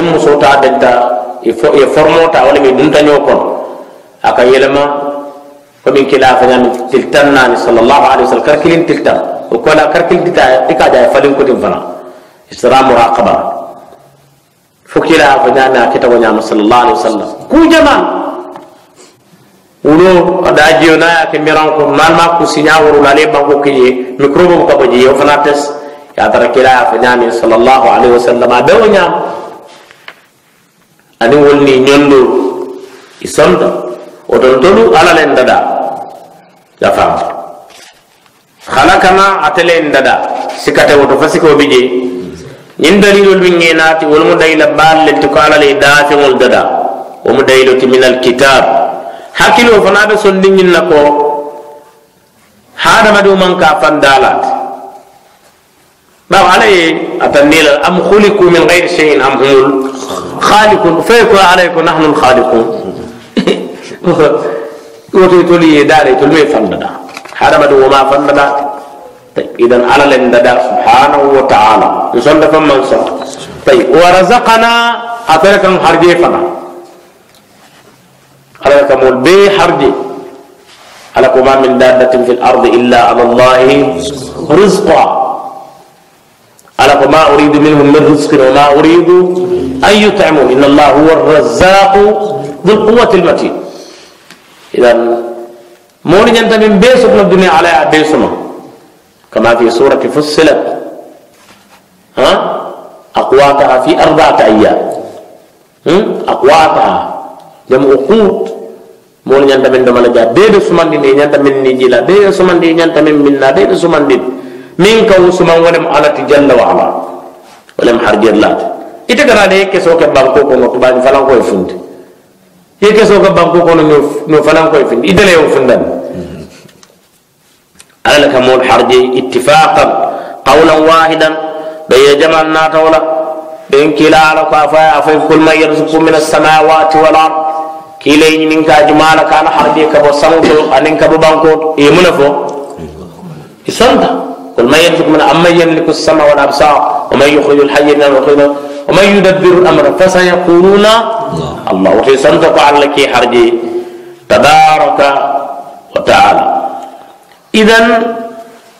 ni muso t'a denta ye formo ta walla mi duntañoo kono a ka yelema komin kila a fañami til tan naani salallahu alayhi wa sallam kar kilin til tan o kola kar kilin dita i ka jaa falin kotin fana isra muraqaba fo kila a fañami a kitawo ñama salallahu alayhi wa sallam ku jaman wulo da jiyo na ya ke miran ko man ma ku sinya wuru la le banko kiye mikrobo ko ko jiyo fana tes ya tara kila ya fañami salallahu alayhi wa sallam a be o ñama ani wonni ñondo i sonto oton tolu ala len dada yafam khalakana atelen dada sikate woto fasiko bije ñin dalilol min ŋenati wolmu dayila baal le ti ko ala le daafeŋol dada womu dayilo ti min alkitab hakkilo fana be ñin na ko hadamadiwo man ka fandalati ما علي أتنيل أم خلقوا من غير شيء أم هم خالقون فيكون عليكم نحن الخالقون وتي تولي داري تلمي فندنا هذا ما وما فندنا طيب إذا على لندنا سبحانه وتعالى يصلي من صلى طيب ورزقنا أتركم حرجي فنا على كمول بي حرجي على وما من دابة في الأرض إلا على الله رزقها وما أريد منهم من رزق وما أريد أن يطعمون إن الله هو الرزاق ذو القوة المتين إذا مولي جنت من بيس ابن الدنيا على بيسنا كما في سورة فصلت ها أقواتها في أربعة أيام أقواتها جمع قوت moolu ñanta من domala jaa bee be sumandin e ñanta min ni jila bee be sumandi e ñanta min minna من be sumandin min kaw suman wolem alati jalla wa ala walam harjir la ite kana de keso ke banko kono to bani falan ko fundi ye keso ke banko kono no falan ko fundi idele yo fundan ala ka mul harji ittifaqan qawlan wahidan bayya jama'an na tawla ben kila ala ko afa afa kul ma yarzuqu min as-samawati wal ard kila yin ka jumala kana harji ka bo sanko anin ka bo banko e munafo isanta kul ma yarzuqu min amma yamliku as-sama wal absar ومن يخرج الحي من المخرج ومن يدبر الأمر فسيقولون الله وفي سنتك لك حرج تبارك وتعالى اذا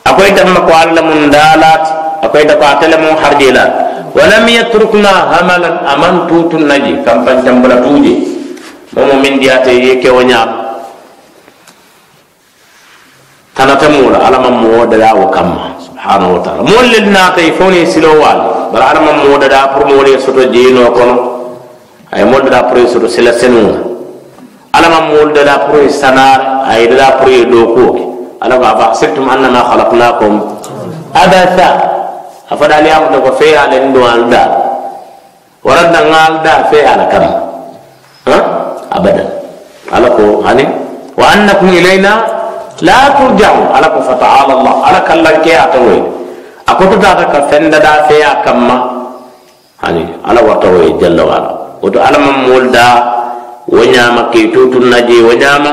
أكويت أمك قال من دالات أكويت قاتل من حرج لا ولم يتركنا هملا أمن توت النجي كم بنتم بلا توجي مم من دياتي يكي ونعب تنتمولا على من مودلا وكما subhanahu wa taala moolu le naata i fo ni siloo waali bari hadama moo dadaa pour moolu ye soto jeyinoo kono a ye moolu dadaa pour ye soto sila senuŋ na alla ma moolu dadaa pour ye sanaara a ye dadaa pour ye dookuwo ke alla ko afa hasibtum annama halaknakum abatha a fo daali yaamuta ko fee ala ni do al daa waradna ŋaal daa fee ala kamma abadan alla ko hani wa annakum ilayna la turjaun ala ko fa taala allah ala kallanke ata woy a kototata ka fendada feya kamma hani ala warta woy jalla wala woto ala man mool da wo ñama ke tutun na je wo ñama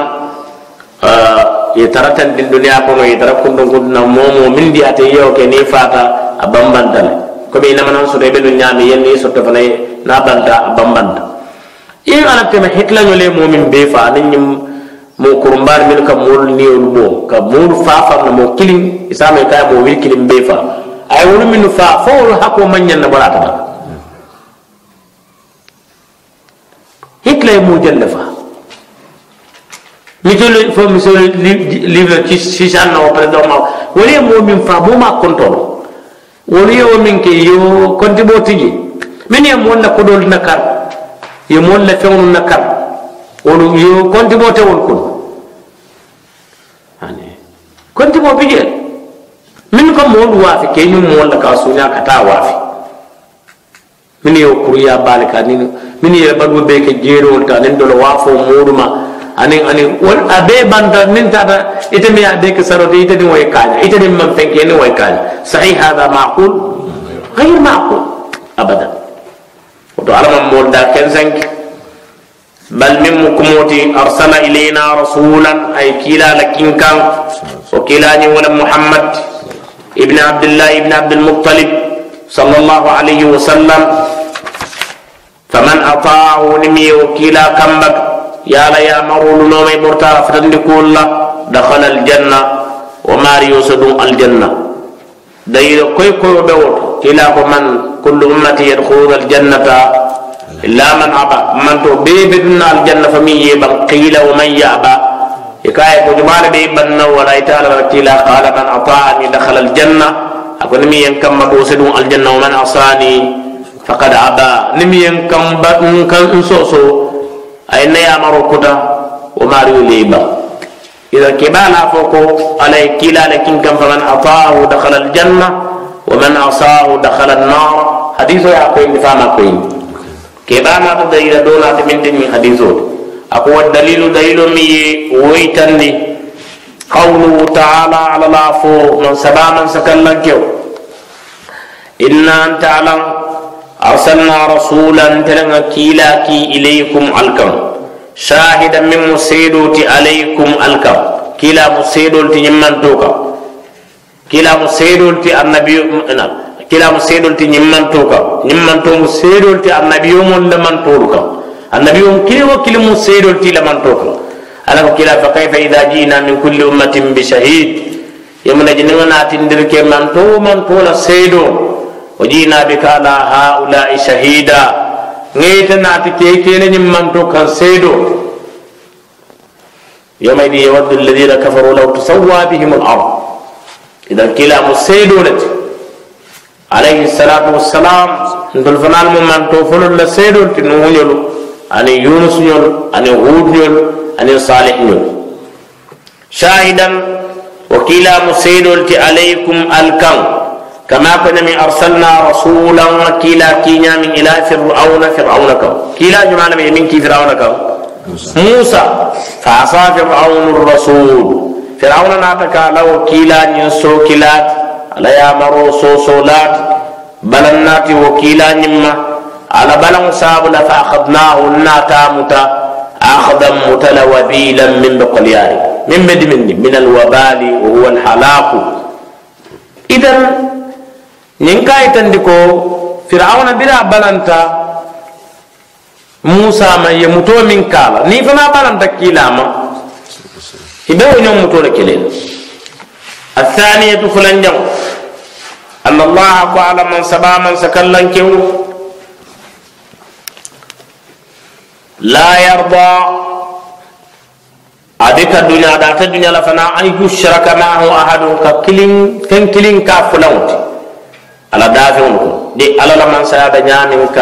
ye tara tantin duniya kono ye tara kundun kunduna momo min di ate yewo ke ni fata a bambantale komi namanan soto ɓe ɗum ñami yenni sotto fana na banta a bambanta in ala tema hitlañole momin be fa aniñim mo kurumbar min ka moolu niyolu mo ka moolu fa fa na mo kilin isame ka mo wili kilin be fa ay ye min fa faa fo wolu hakkoo na barata ba bala mo hitla fa moo jelle mi so livre ci ci jan na wo do ma wolu mo min fa mo ma maa kontolo o min ke yo konti bo tiji min ye moolu la kodoolu na kar ye mo la feŋolu na kar wonum yo kontimo tewol kon ani kontimo bijeel min ko moolu wafi ke ñum mo la ka suña ka taa waafi min yo kuruya baali ka nin min ye baɗu be ke jeerowol ta nin dolo waafo mooluma ani ani won abe banda min nin tata ite mi ya be ke sarote ite din way kaaña ite din man fenke ni way kaaña sahi hada maaqul gayr maaqul abadan to alaman mo da ken sanki بل من مكموتي أرسل إلينا رسولا أي كلا لكن كان وكلا ولا محمد ابن عبد الله ابن عبد المطلب صلى الله عليه وسلم فمن أطاعه نمي وكلا كمبك يا لا يا مرول نومي برتا فتندكول دخل الجنة وماريو سدوم الجنة داير كوي كوي بيوت كلا من كل أمتي يدخل الجنة إلا من أبى من تو بيبي دون الجنة فمي يبل قيل ومن يأبى إكاية كجمار بيبن ولا يتعالى وكيلا قال من أطاعني دخل الجنة أقول نمي ينكم مكوسد الجنة ومن أصاني فقد أبى نمي ينكم بأنكم انسوسو أين يامرو كتا وماريو ليبا إذا كبالا فوقو عليك كلا لكن كم فمن أطاه دخل الجنة ومن أصاه دخل النار حديث يا أخوين فاما أخوين keɓama ko dalila donate min ten min hadis ako wa dalilu dalilo mi ye woytandi qawluhu taala alala fo non sabanan sakallankew inna anta alan arsalna rasulan telanga kiilaki ilaykum alkam shahidan min mo alaykum alkam kila mo seedol ti ñimmanto kam kiila ti annabi kilamu seedol ti ñiŋ manto kaŋ ñiŋ mantomu seedol ti annabiyo mon le mantolu kaŋ annabiyo kili wo kili mu seedol ti le manto kaŋ ala ko kila fa kayfa ida jiina min kulli ummatin bi shahid yemuna je niŋa naatindir ke manto wo manto la seedo wo jiina bika ala haulai shahida ŋeyite naati ke kele ñiŋ manto kaŋ seedo يومئذ يود الذين كفروا لو تسوى بهم الارض اذا كلا مسيدونتي عليه الصلاة والسلام ندل فنان من توفل الله سيد تنوهن يلو أني يونس يلو أني هود يلو أني صالح يلو شاهدا وكيلا مسيد عليكم الكون كما كنا أرسلنا رسولا وكيلا كينا من إلى فرعون فرعون كو كيلا جمعنا من من فرعون كو موسى فعصى فرعون الرسول فرعون ناتك لو كيلا ينسو كيلات ala yamaro sosolaati balannaati wo kiila ñimma ala balaŋo saabula fa akhadnahu nnatamuta akhdan mutalawabilan min be kolyaari min be diminni min alwabali wa huwa alhalaku idan ñiŋ ka yitandi ko firawuna bira balanta musa ma ye mutoo miŋ kaala niŋ fana balanta kiilama ibe wo ñoŋ mutoo le kelen الثانية فلان جمع أن الله قال من سبا من سكلن كيو لا يرضى أديك الدنيا دات الدنيا لفنا أن يشرك معه أحد ككلين كن كلين كافلوت على دافعون دي على لمن سيا بنيامين ك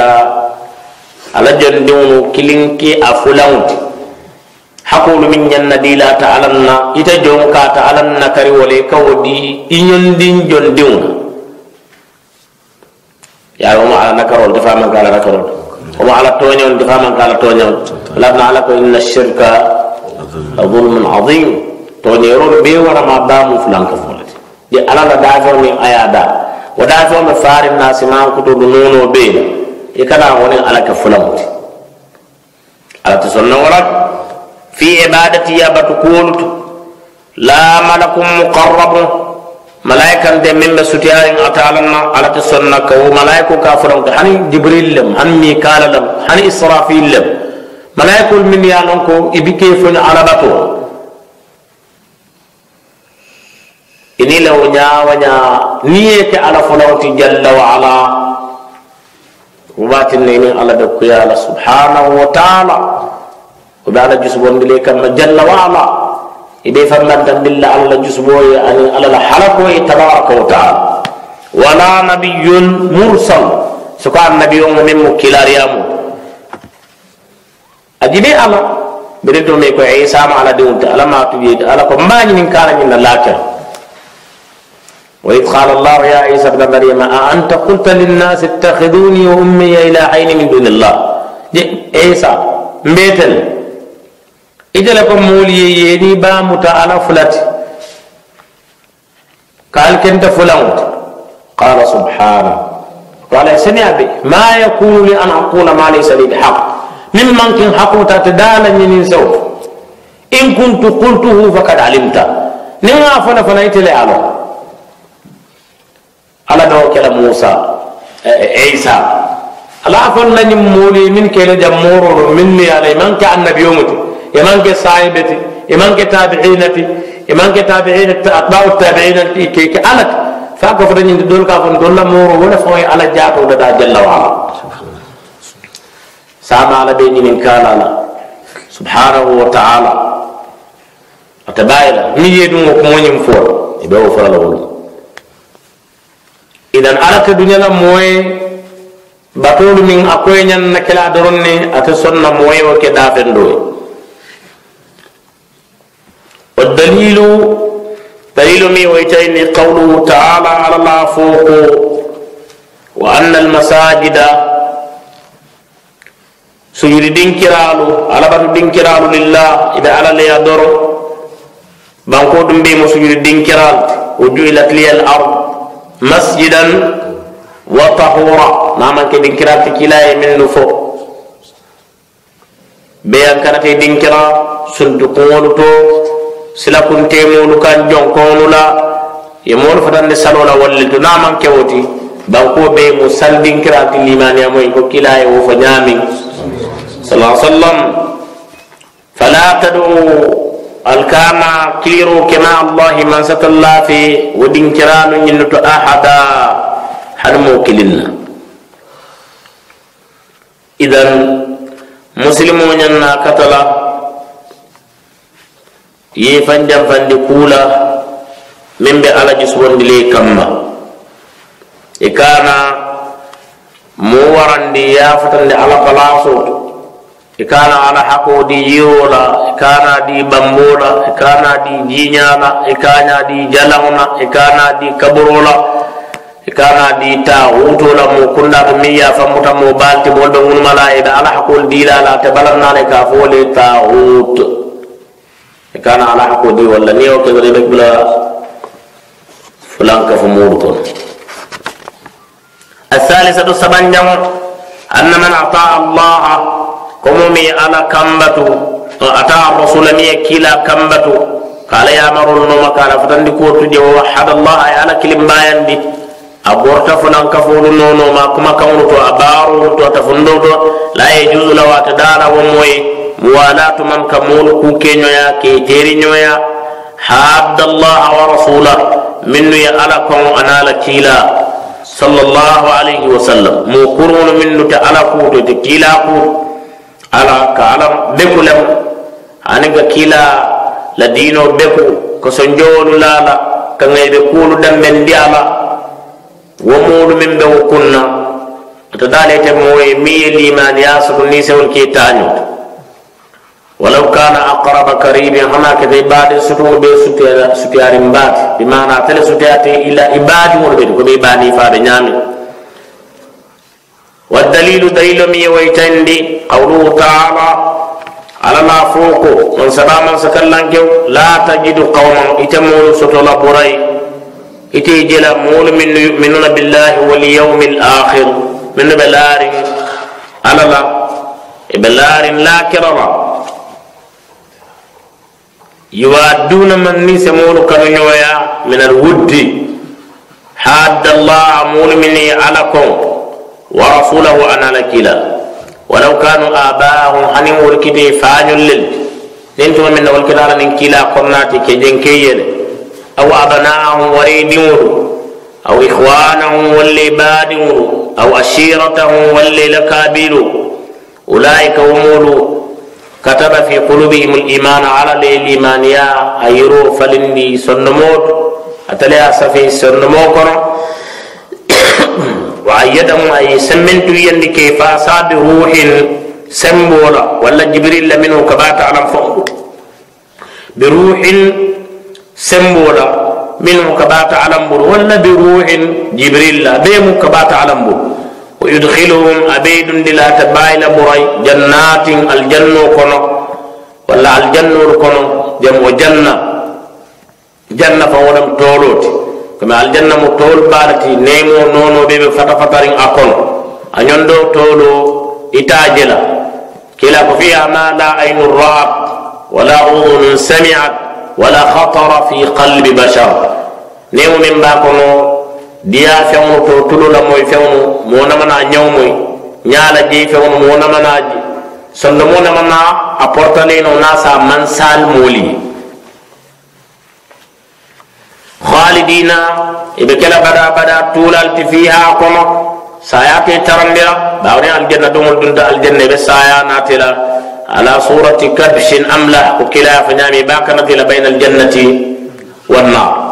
على جندون كلين كي أفلوت hakulu min ñanna dila ta alanna ita jon ka كري ولي كودي إن kawo جندون ya wo ala nakarol defa man kala nakarol wo ala toñol defa man kala toñol labna ala ko inna shirka zulmun azim toñerol be wara ma ba mu fulan ko folet di ala la dafo ni aya da wa dafo ma farin nasiman ko do nono be ikana woni ala ka fulan ala to sonna wala fi ibadati ya batu kulut la malakum muqarrabun malaika nte min be sutiyarin atalan na alati sonna ka wo malaiku ka furan ka hani jibril lam hani mikala lam hani israfil lam malaikul min ya lon ko ibike fon alabato ini law nya wanya niye ke ala fulawti jalla wa ala wabatin ne min ala da kuya la subhanahu wa ta'ala wa ala jusbon dile kam jalla wa ala ibe famman tambilla alla jusmoye ani alla la halakoye tabaraka wa taala wala nabiyun mursal soko annabiyo ŋo meŋ mu kilariyamu ajibe ala bere to me ko isa ma ala diŋo te ala ma tubiye te ala ko mba ñiniŋ kana ñiŋ na lakira وإذ قال الله يا عيسى ابن مريم أأنت قلت للناس اتخذوني وأمي إلى عين من دون الله عيسى مبيتل itele ko moolu ye yeeni baamuta ala fulati kaal kenta fulaŋo ti qala subhana wala seniya be ma yakunu li an aqula ma laysa li bihaq min mankin haquta ta dala ñinin sewo in kuntu qultuhu fakad alimta ni ŋa fana fana itele alo ala dawo kela musa isa ala fonna ñin moolu ye min kele jam moorolo min ni ala man ka annabiyomuti إمان كصاحبة إمان كتابعين في إمان كتابعين أتباع التابعين كي كألك فاكو دول كافر دول لا مورو ولا فوي على جاتو دا جل وعلا سام على بيني من كان سبحانه وتعالى أتبايلا نيدو كموني مفور يبقى وفر ولو idan alata duñala moye batolu min a koyeñan na kela doron ne ate sonna moye wo والدليل دليل مي ويتين قوله تعالى على الله فوق وأن المساجد دين كرالو على بر كرالو لله إذا على لي أدرو بانكو دمبي دين كرال وجعلت لي الأرض مسجدا وطهورا نعم كرال تكلاي من نفو بيان كانت دينكرال صندوقون تو silakuntemolu kan jonkonlu la ye moolu fatandi salo la wallitu na man kewoti danko be mu saldinkirati limaniyamoyi ko kila ye wo fo sallam fala taduu alkama kiliro kema allahi man satallafi wo dinkiranu ñinnuto ahada hadamo kilinna idan musilimo ñanna katala ye fandi kula min be ala jusubondile kamma i kana mo warandi yafatandi ala palaso to i kana ala hako di yiwo i kana di bambola, la i kana di jiña la i kana di jalaŋo la i kana di kaburola, la i kana di taxuto la mu kundato miŋ yafamuta mo balti malai, be ŋunuma ala hakol di la tebalan balanna la i ka fo le كان على دي ولا نيو كذا لك بلا فلان كف مورتون الثالثة سبن سبنجم أن من أعطى الله كمومي على كمبتو أعطى الرسول مي كلا كمبتو قال يا أمر النوم قال فتندي كورتو دي ووحد الله على كلم باين دي أبورت فلان كفور نونو ما كما كونتو أبارو تو تفندو لا يجوز لو أتدار ومويه muwalatu man ka moolu ku keñoya ke ha abdallah wa rasula minnu ye ala koŋo ana la kiila sallallahu alayhi wa sallam mu kuruŋolu minnu te ala kuuto te kiila kuuto ala ka ala beku lem ani ka kiila la diino beku so la lala ka ŋaybe kuulu dambendi a la wo moolu min be wo kunna ata daale te moo ye miŋ ye liimaaniyaa soto niŋ sewol ke taañoto ولو كان أقرب قريب هما كذي بعد سطور بي سطيار بات بمعنى تل سطياتي إلا إباد مولدين كبي إباد فاد نامي والدليل دليل مي ويتندي قوله تعالى على ما فوقه من سبا من سكلن لا تجد قوما يتمول سطول بوري إتي جلا مول من يؤمنون بالله واليوم الآخر من بلار على لا بلار لا كرما يوادون من نيس سمور كنويا من الود حاد الله مول مني علىكم ورسوله أنا لكلا ولو كانوا آباءهم هني ولكدي فانيل لل ننتم من ولكدار ننكلا قرناتي كيل أو أبناءهم وريدين أو إخوانهم واللي بادين أو أشيرتهم واللي لكابيل أولئك هم كتب في قلوبهم الإيمان على الإيمان يا أيرو فلني سنموت أتلي سفي سنموكنا وعيدهم أي سمنت يندي كيف روح سمبولا ولا جبريل منه كبات على فوق بروح سمبولا منه كبات على ولا بروح جبريل بهم كبات على ويدخلهم أبيد دلا تبايل بري جنات الجنة كنو ولا الجنة كنو جم وجنة جنة فولم تولوت كما الجنة مطول بارتي نيمو نونو بيب فتا فترين أكون أنيندو تولو إتاجلا كلا فيها ما لا عين رأت ولا أذن سمعت ولا خطر في قلب بشر نيمو من باكنو diya feŋnu to tulu la moy feŋnu moo namana ñaw moy ñaa la jey feŋnu moo namana sondo moo namana a portaneno naa sa mansal moli khalidina ibe kela bada bada tulal ti fiha kono saya ke tarambira bawni aljanna dumul dunda aljanna be saya natila ala surati kabshin amla ukila fanyami fa nyami bakana tila bainal jannati wan nar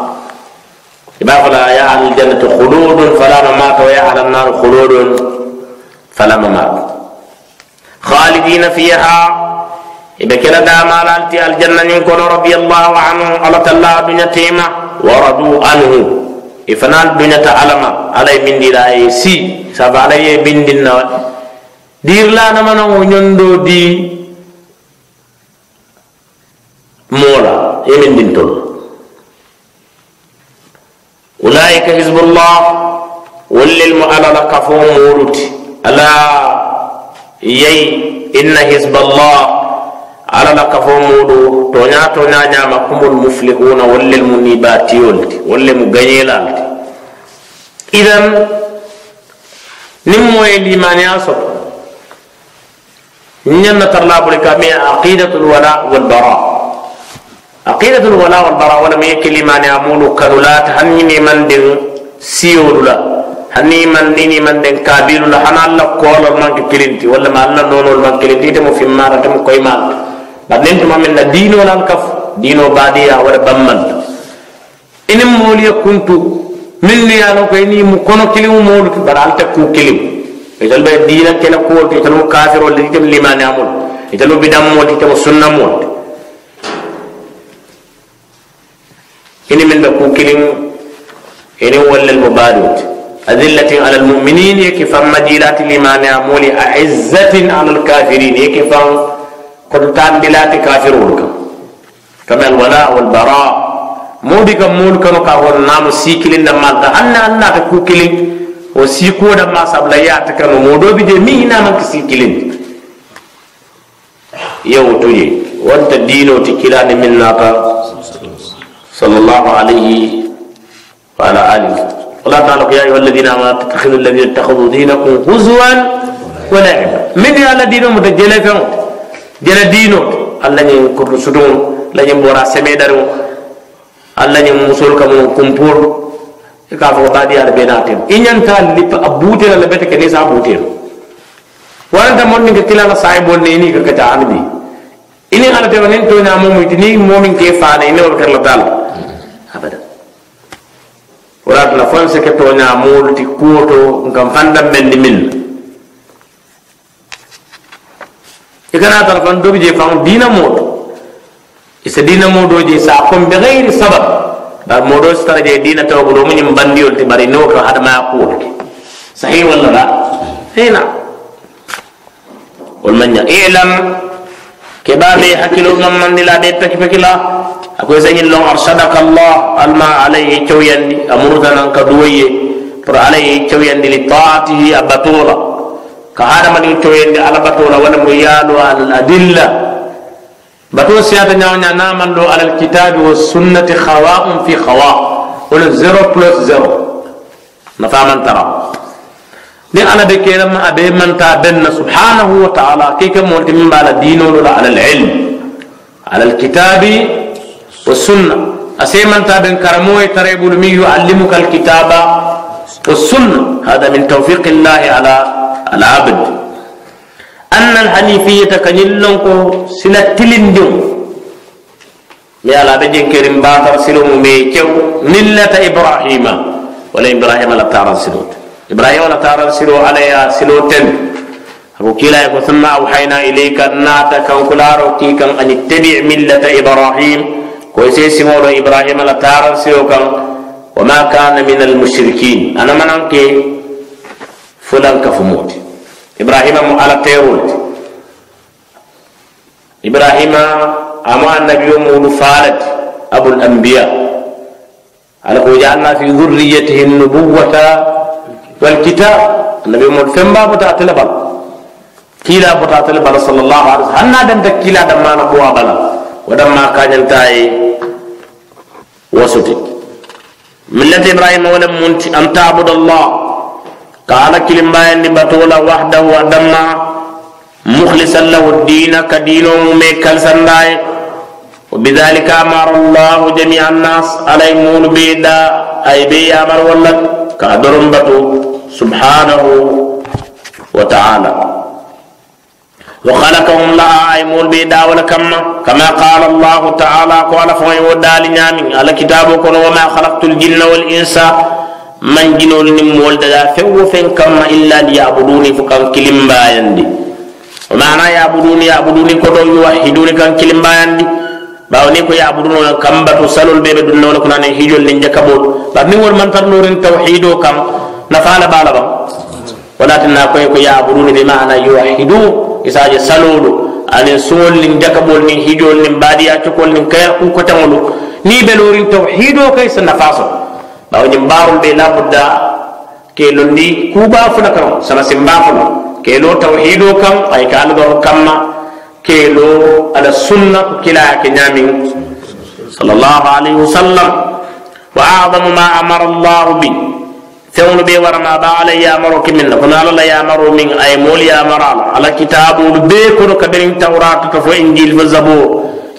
يبقى فلا يا أهل الجنة خلود فلا ممات ويا أهل النار خلود فلا ممات خالدين فيها يبقى كلا دام على الجنة يكون رضي الله عنه الله تعالى الدنيا تيمة وردوا عنه ifana duñata alama alay bindira ye si saba ala ye دير لا dirlanamanaŋo نندو دي مولا يمين إيه دين dintolu ke hizbullah wollel mo ala la kafo moruti ala yeyi inna hizballah ala la kafo muɗu toña toña ñama kumol muflihuna wollel mu nibatiyol ti wolle mu gañelal ti idan nin moye limaniya soto ñanna tarlabole ka mi aqidatul wala walbara عقيدة الولاء والبراء ولم يكل ما نعمون كنولات هني من دين سيول لا هني من دين من دين كابيل لا هنا الله قول من كلينتي ولا ما الله نون من كلينتي تم في ما تم كويمان بعدين تم من الدين ولا الكف دين وبادية ولا بمن إن مولي كنت من لي أنا كيني مكونو كلمة مول برالت كو كلمة إذا البيت دينا كنا كوت إذا كافر ولا إذا لما نعمون إذا بدم ولا إذا سنة مول إن من بكو كلم إن ولا المبادوت أذلة على المؤمنين يكفى مجيلات الإيمان أمولي أعزة على الكافرين يكفى كنتان بلات كافرون كما الولاء والبراء مودي كم مول كانوا كهون نام سيكلين دم مالتا أنا أنا تكو كلين وسيكو دم ما سبليات كانوا مودو بيجي مي نام كسيكلين يوتوي وانت دينو تكلاني من ناقا صلى الله عليه وعلى آله الله تعالى يا أيها الذين آمنوا تتخذوا الذين اتخذوا دينكم هزوا ولعبا من على دينه متجلى فيه جلى دينه الله ينكر نعم سدون الله ينبورا نعم سميدرو الله ينمسول نعم كم كمبور كافو بادي على بيناتهم إن ينتا لب أبوتر على بيتك نيسا أبوتر وأنت مرني كتلا لا سايب بولني إني كتجاهني إني على تبنين تونا مو ميتني مو من كيف فاني إني أبكر لطالب abada waratula fon seke nya ti kuwoto ngam fanda mendi min e kana tan fan do je fam dina e se dina do je sa kon be gairi sabab bar modo stara je dina tawbudo muñum bandiyol ti bari no ko kuwoto ke sahi wala la hena wol manya ilam ke hakilo ngam mandila be akoy sañin lon ar sadaka allah alma ala ye cewyandi a murtanan ka duwoye pour ala ye cewyandi li taatihi a batola ka hadamadin cewyandi ala batola wala mu yaalo al adilla bato siyata ñawña naman ɗo alal kitabi wa sunnati khawa'un fi khawa wala 0 plus 0 nafamantara ni ala be kelam a be manta benna subhanahu wa ta'ala keke molti min bala dinolo la alal ilm alal kitabi والسنة أسيما بن كرموه تريب المي يعلمك الكتاب والسنة هذا من توفيق الله على العبد أن الحنيفية كنيلنكو سنتلين ديوم يا لا بجن كريم باتر سلوم ميكو ملة إبراهيم ولا إبراهيم لا تعرف سلوت إبراهيم لا تعرف سلو عليها سلوتن أبو كلا ثم أوحينا إليك أن ناتك كلارو كي كان أن اتبع ملة إبراهيم ko ise siŋo do ibrahima la taaraŋ siyo kaŋ wa ma kana min almushrikin ana manaŋ ke fulaŋ kafumo ti ibrahima mu ala teerol ti ibrahima amo annabiyo muulu faala ti abul anbiya ala ko jaalna fi dhurriyatihi nubuwata walkitab annabiyo muulu femba bota ate le bala kiila bota ate le bala sallallahu alaihi wasallam hanna danta kiila dammana kuwa bala ودما كان تاي وسطي ملة إبراهيم ولم منت أن تعبد الله قال كلمة بطولة وحده ودما مخلصا له الدين كدينه ميكل سنداي وبذلك أمر الله جميع الناس على مول بيدا أي بي أمر ولد كادر بطو سبحانه وتعالى وخلقهم لا ايمول بي داول كما كما قال الله تعالى قال فوي ودال نيامي على كتابه كن وما خلقت الجن والانس من جنول مول دا فو فين كما الا ليعبدوني فكم كلم بايندي انا يعبدوني يعبدوني كدو يوحدوني كان كلم بايندي bawo ni ko yabuduno kam batu salol bebe dun lawla kuna ne hijol ni jakabol ba min wor man tar norin tawhido kam nafala bala ba wala tinna كو يعبدوني yabuduni bi ma'ana isaje salolu anin suŋol nin jakabol nin hijol nin badiya cokol nin kayal kunkotaŋolu ni belori tawhido kay sa nafaso so bawo ñin baarol be budda ke londi kuba fula kaŋ sana simba fula ke lo tawhido kam ay ka alabaro kamma ke lo ala sunna kila ke nyami sallallahu alaihi wasallam wa a'zamu ma amara allah bi feŋolu be waramaaba ala yamaro ke min la kono ala la yamaro min a ye moolu yamara la ala kitaabolu bee kono kabiriŋ tawrata to fo injil fo zaboo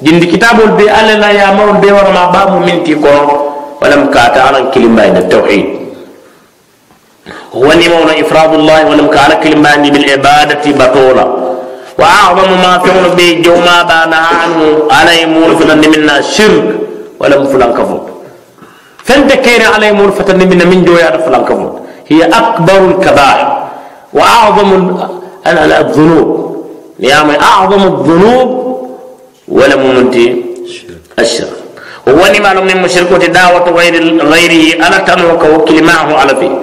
jindi kitaabolu be ala la yamaro be waramaaba mu min ti kono walam kaata alan kilimbayina tawhid ونمون إفراد الله ولم كان كلمة بالعبادة بطولة وأعظم ما فعل به جوما بانها عنه على يمول فلن منا الشرك ولم فلن كفر فندكين عليه مول فتنمنا من جويا فلان كفر هي أكبر الكبائر وأعظم الذنوب لأن أعظم الذنوب ولم منتي الشرك ووني ما لم نمشرك دعوة غير غيره أنا تنوك وكل معه على فيه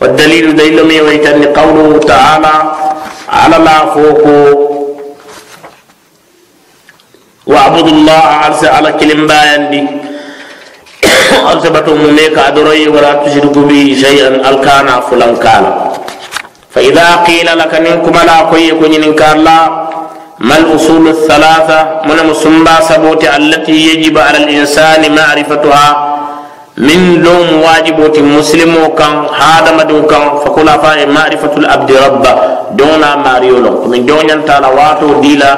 والدليل دليل مي ويتني قوله تعالى على ما فوق واعبدوا الله على كلمة بايندي أرتبتم منك أدري ولا تشرك بي شيئا الكانا فلان كان فإذا قيل لك ننكم لا قوي كنينك الله ما الأصول الثلاثة من مسمى سبوت التي يجب على الإنسان معرفتها من لوم واجبوت مسلم كان هذا مدو كان فقل معرفة العبد ربه دون ماريولون من دون ينتال واتو ديلا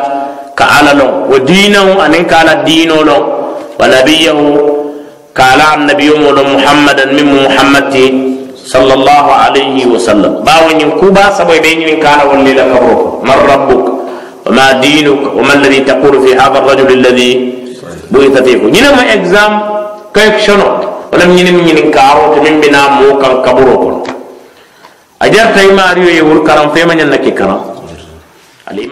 كعالا لون ودينه أنك على دينه لون ونبيه نبي النبي محمد من محمد صلى الله عليه وسلم باوين كوبا سبوي بيني كان ولي لك ربك من ربك وما دينك وما الذي تقول في هذا الرجل الذي بويت فيه نينا ما اكزام كيف شنو ولم نين من نكارو من بنا موك كبرو اجر تيماريو يور كرم فيما نكي كرم